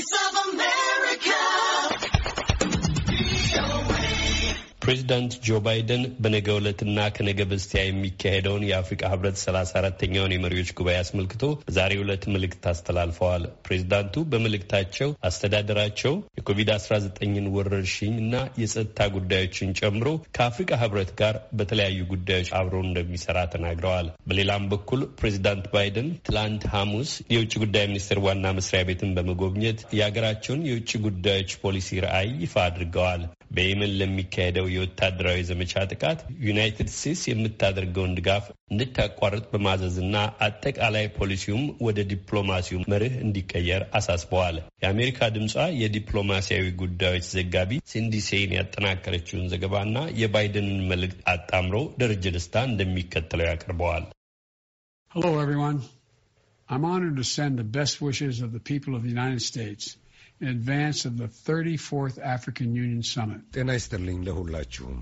voice of ፕሬዚዳንት ጆ ባይደን በነገ ዕለትና ከነገ በስቲያ የሚካሄደውን የአፍሪካ ህብረት ሰላሳ አራተኛውን የመሪዎች ጉባኤ አስመልክቶ በዛሬ ዕለት ምልክት አስተላልፈዋል። ፕሬዚዳንቱ በምልክታቸው አስተዳደራቸው የኮቪድ-19ን ወረርሽኝ እና የጸጥታ ጉዳዮችን ጨምሮ ከአፍሪካ ህብረት ጋር በተለያዩ ጉዳዮች አብሮ እንደሚሰራ ተናግረዋል። በሌላም በኩል ፕሬዚዳንት ባይደን ትላንት ሐሙስ የውጭ ጉዳይ ሚኒስቴር ዋና መስሪያ ቤትን በመጎብኘት የሀገራቸውን የውጭ ጉዳዮች ፖሊሲ ራዕይ ይፋ አድርገዋል። በየመን ለሚካሄደው የወታደራዊ ዘመቻ ጥቃት ዩናይትድ ስቴትስ የምታደርገውን ድጋፍ እንድታቋርጥ በማዘዝና አጠቃላይ ፖሊሲውም ወደ ዲፕሎማሲው መርህ እንዲቀየር አሳስበዋል። የአሜሪካ ድምጿ የዲፕሎማሲያዊ ጉዳዮች ዘጋቢ ሲንዲ ሴይን ያጠናከረችውን ዘገባና የባይደንን መልእክት አጣምሮ ደረጀ ደስታ እንደሚከተለው ያቀርበዋል። Hello, everyone. I'm honored to send the best wishes of the people of the United States. ጤና ይስጥልኝ ለሁላችሁም።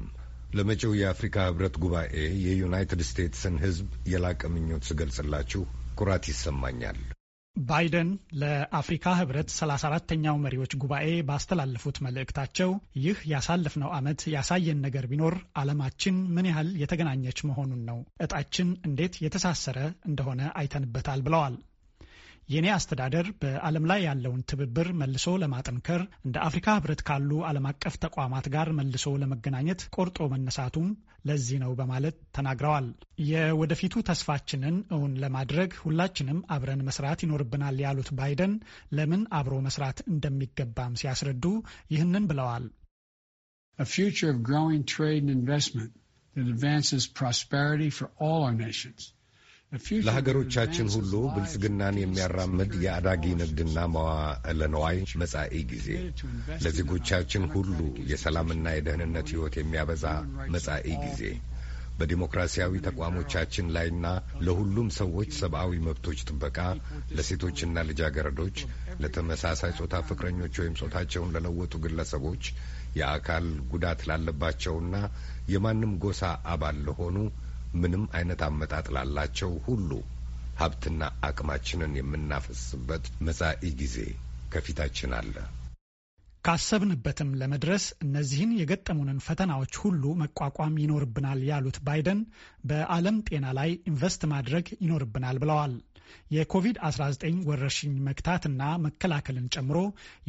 ለመጪው የአፍሪካ ህብረት ጉባኤ የዩናይትድ ስቴትስን ህዝብ የላቀ ምኞት ስገልጽላችሁ ኩራት ይሰማኛል። ባይደን ለአፍሪካ ህብረት 34ተኛው መሪዎች ጉባኤ ባስተላለፉት መልእክታቸው ይህ ያሳለፍነው ዓመት ያሳየን ነገር ቢኖር ዓለማችን ምን ያህል የተገናኘች መሆኑን ነው፣ እጣችን እንዴት የተሳሰረ እንደሆነ አይተንበታል ብለዋል። የኔ አስተዳደር በዓለም ላይ ያለውን ትብብር መልሶ ለማጠንከር እንደ አፍሪካ ህብረት ካሉ ዓለም አቀፍ ተቋማት ጋር መልሶ ለመገናኘት ቆርጦ መነሳቱም ለዚህ ነው በማለት ተናግረዋል። የወደፊቱ ተስፋችንን እውን ለማድረግ ሁላችንም አብረን መስራት ይኖርብናል ያሉት ባይደን ለምን አብሮ መስራት እንደሚገባም ሲያስረዱ ይህንን ብለዋል። A future of growing trade and investment that advances prosperity for all our nations. ለሀገሮቻችን ሁሉ ብልጽግናን የሚያራምድ የአዳጊ ንግድና መዋዕለ ነዋይ መጻኢ ጊዜ፣ ለዜጎቻችን ሁሉ የሰላምና የደህንነት ሕይወት የሚያበዛ መጻኢ ጊዜ በዲሞክራሲያዊ ተቋሞቻችን ላይና ለሁሉም ሰዎች ሰብአዊ መብቶች ጥበቃ፣ ለሴቶችና ልጃገረዶች፣ ለተመሳሳይ ጾታ ፍቅረኞች ወይም ጾታቸውን ለለወጡ ግለሰቦች፣ የአካል ጉዳት ላለባቸውና የማንም ጎሳ አባል ለሆኑ ምንም አይነት አመጣጥ ላላቸው ሁሉ ሀብትና አቅማችንን የምናፈስበት መጻኢ ጊዜ ከፊታችን አለ። ካሰብንበትም ለመድረስ እነዚህን የገጠሙንን ፈተናዎች ሁሉ መቋቋም ይኖርብናል ያሉት ባይደን በዓለም ጤና ላይ ኢንቨስት ማድረግ ይኖርብናል ብለዋል። የኮቪድ-19 ወረርሽኝ መግታትና መከላከልን ጨምሮ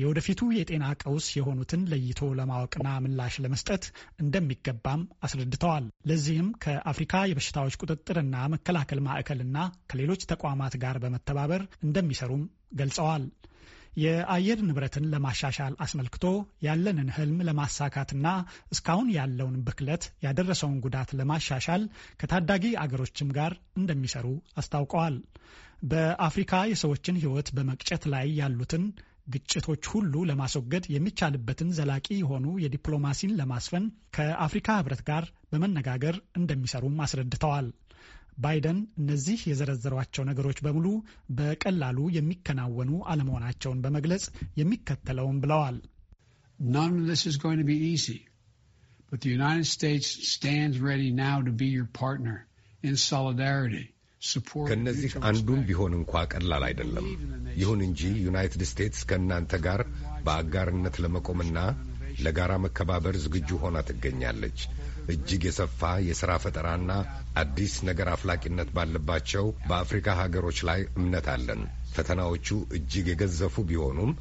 የወደፊቱ የጤና ቀውስ የሆኑትን ለይቶ ለማወቅና ምላሽ ለመስጠት እንደሚገባም አስረድተዋል። ለዚህም ከአፍሪካ የበሽታዎች ቁጥጥርና መከላከል ማዕከልና ከሌሎች ተቋማት ጋር በመተባበር እንደሚሰሩም ገልጸዋል። የአየር ንብረትን ለማሻሻል አስመልክቶ ያለንን ህልም ለማሳካትና እስካሁን ያለውን ብክለት ያደረሰውን ጉዳት ለማሻሻል ከታዳጊ አገሮችም ጋር እንደሚሰሩ አስታውቀዋል። በአፍሪካ የሰዎችን ሕይወት በመቅጨት ላይ ያሉትን ግጭቶች ሁሉ ለማስወገድ የሚቻልበትን ዘላቂ የሆኑ የዲፕሎማሲን ለማስፈን ከአፍሪካ ሕብረት ጋር በመነጋገር እንደሚሰሩም አስረድተዋል። ባይደን እነዚህ የዘረዘሯቸው ነገሮች በሙሉ በቀላሉ የሚከናወኑ አለመሆናቸውን በመግለጽ የሚከተለውም ብለዋል። ዩናይትድ ስቴትስ ከእነዚህ አንዱም ቢሆን እንኳ ቀላል አይደለም። ይሁን እንጂ ዩናይትድ ስቴትስ ከእናንተ ጋር በአጋርነት ለመቆምና ለጋራ መከባበር ዝግጁ ሆና ትገኛለች። እጅግ የሰፋ የሥራ ፈጠራና አዲስ ነገር አፍላቂነት ባለባቸው በአፍሪካ ሀገሮች ላይ እምነት አለን። ፈተናዎቹ እጅግ የገዘፉ ቢሆኑም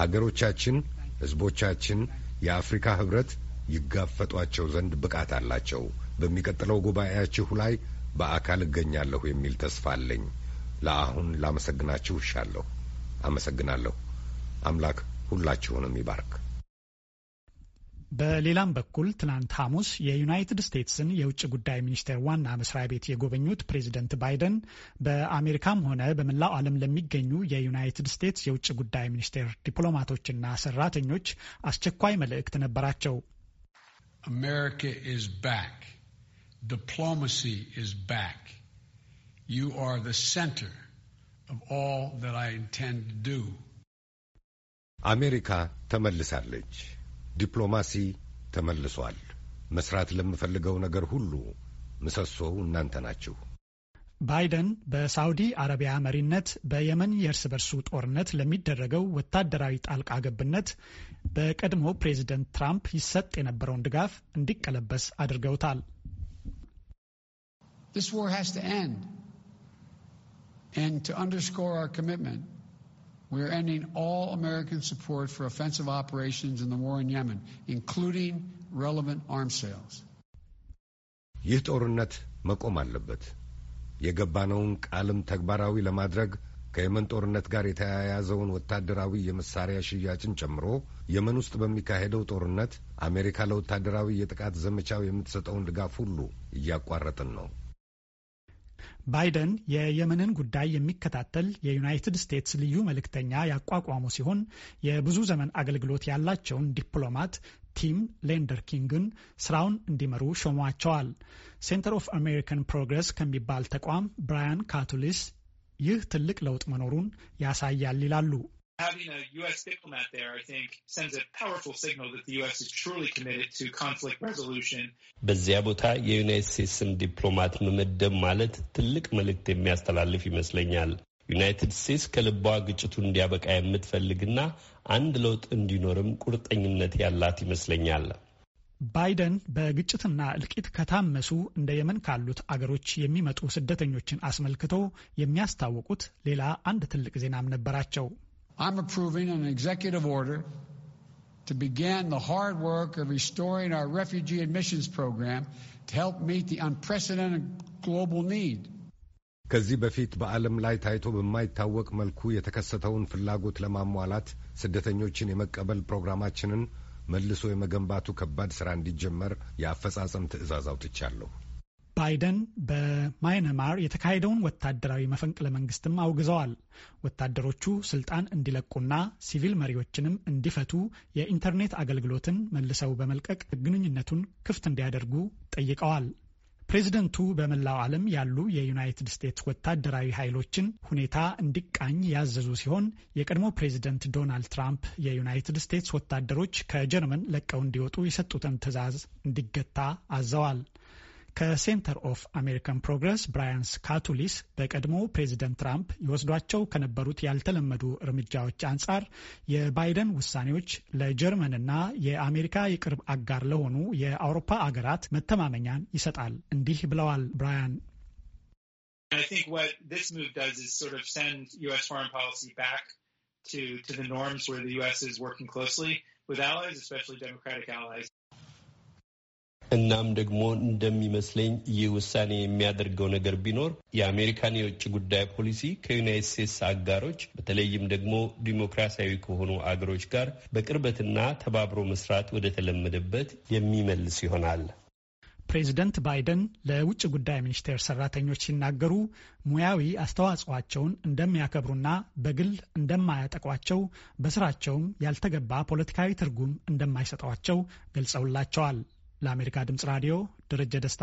ሀገሮቻችን፣ ሕዝቦቻችን የአፍሪካ ኅብረት ይጋፈጧቸው ዘንድ ብቃት አላቸው። በሚቀጥለው ጉባኤያችሁ ላይ በአካል እገኛለሁ የሚል ተስፋ አለኝ። ለአሁን ላመሰግናችሁ እሻለሁ። አመሰግናለሁ። አምላክ ሁላችሁንም ይባርክ። በሌላም በኩል ትናንት ሐሙስ የዩናይትድ ስቴትስን የውጭ ጉዳይ ሚኒስቴር ዋና መስሪያ ቤት የጎበኙት ፕሬዚደንት ባይደን በአሜሪካም ሆነ በመላው ዓለም ለሚገኙ የዩናይትድ ስቴትስ የውጭ ጉዳይ ሚኒስቴር ዲፕሎማቶችና ሰራተኞች አስቸኳይ መልእክት ነበራቸው። አሜሪካ is Diplomacy is back. You are the center of all that I intend to do. አሜሪካ ተመልሳለች። ዲፕሎማሲ ተመልሷል። መስራት ለምፈልገው ነገር ሁሉ ምሰሶው እናንተ ናችሁ። ባይደን በሳውዲ አረቢያ መሪነት በየመን የእርስ በርሱ ጦርነት ለሚደረገው ወታደራዊ ጣልቃ ገብነት በቀድሞ ፕሬዚደንት ትራምፕ ይሰጥ የነበረውን ድጋፍ እንዲቀለበስ አድርገውታል። This war has to end. And to underscore our commitment, we are ending all American support for offensive operations in the war in Yemen, including relevant arms sales. ይህ ጦርነት መቆም አለበት። የገባነውን ቃልም ተግባራዊ ለማድረግ ከየመን ጦርነት ጋር የተያያዘውን ወታደራዊ የመሳሪያ ሽያጭን ጨምሮ የመን ውስጥ በሚካሄደው ጦርነት አሜሪካ ለወታደራዊ የጥቃት ዘመቻው የምትሰጠውን ድጋፍ ሁሉ እያቋረጥን ነው። ባይደን የየመንን ጉዳይ የሚከታተል የዩናይትድ ስቴትስ ልዩ መልእክተኛ ያቋቋሙ ሲሆን የብዙ ዘመን አገልግሎት ያላቸውን ዲፕሎማት ቲም ሌንደር ኪንግን ስራውን እንዲመሩ ሾሟቸዋል። ሴንተር ኦፍ አሜሪካን ፕሮግረስ ከሚባል ተቋም ብራያን ካቱሊስ ይህ ትልቅ ለውጥ መኖሩን ያሳያል ይላሉ። having a U.S. diplomat there, I think, sends a powerful signal that the U.S. is truly committed to conflict resolution. በዚያ ቦታ የዩናይት ስቴትስን ዲፕሎማት መመደብ ማለት ትልቅ መልእክት የሚያስተላልፍ ይመስለኛል። ዩናይትድ ስቴትስ ከልቧ ግጭቱ እንዲያበቃ የምትፈልግና አንድ ለውጥ እንዲኖርም ቁርጠኝነት ያላት ይመስለኛል። ባይደን በግጭትና እልቂት ከታመሱ እንደ የመን ካሉት አገሮች የሚመጡ ስደተኞችን አስመልክቶ የሚያስታውቁት ሌላ አንድ ትልቅ ዜናም ነበራቸው። I'm approving an executive order to begin the hard work of restoring our refugee admissions program to help meet the unprecedented global need. ከዚህ በፊት በዓለም ላይ ታይቶ በማይታወቅ መልኩ የተከሰተውን ፍላጎት ለማሟላት ስደተኞችን የመቀበል ፕሮግራማችንን መልሶ የመገንባቱ ከባድ ሥራ እንዲጀመር የአፈጻጸም ትዕዛዝ አውጥቻለሁ። ባይደን በማይነማር የተካሄደውን ወታደራዊ መፈንቅለ መንግስትም አውግዘዋል። ወታደሮቹ ስልጣን እንዲለቁና ሲቪል መሪዎችንም እንዲፈቱ፣ የኢንተርኔት አገልግሎትን መልሰው በመልቀቅ ግንኙነቱን ክፍት እንዲያደርጉ ጠይቀዋል። ፕሬዚደንቱ በመላው ዓለም ያሉ የዩናይትድ ስቴትስ ወታደራዊ ኃይሎችን ሁኔታ እንዲቃኝ ያዘዙ ሲሆን የቀድሞ ፕሬዚደንት ዶናልድ ትራምፕ የዩናይትድ ስቴትስ ወታደሮች ከጀርመን ለቀው እንዲወጡ የሰጡትን ትዕዛዝ እንዲገታ አዘዋል። ከሴንተር ኦፍ አሜሪካን ፕሮግረስ ብራያን ስካቱሊስ በቀድሞ ፕሬዚደንት ትራምፕ ይወስዷቸው ከነበሩት ያልተለመዱ እርምጃዎች አንጻር የባይደን ውሳኔዎች ለጀርመንና የአሜሪካ የቅርብ አጋር ለሆኑ የአውሮፓ አገራት መተማመኛን ይሰጣል። እንዲህ ብለዋል ብራያን to to the norms where the U.S. is working closely with allies, especially Democratic allies. እናም ደግሞ እንደሚመስለኝ ይህ ውሳኔ የሚያደርገው ነገር ቢኖር የአሜሪካን የውጭ ጉዳይ ፖሊሲ ከዩናይት ስቴትስ አጋሮች በተለይም ደግሞ ዲሞክራሲያዊ ከሆኑ አገሮች ጋር በቅርበትና ተባብሮ መስራት ወደ ተለመደበት የሚመልስ ይሆናል። ፕሬዚደንት ባይደን ለውጭ ጉዳይ ሚኒስቴር ሰራተኞች ሲናገሩ ሙያዊ አስተዋጽኦአቸውን እንደሚያከብሩና በግል እንደማያጠቋቸው በስራቸውም ያልተገባ ፖለቲካዊ ትርጉም እንደማይሰጧቸው ገልጸውላቸዋል። ለአሜሪካ ድምፅ ራዲዮ ደረጀ ደስታ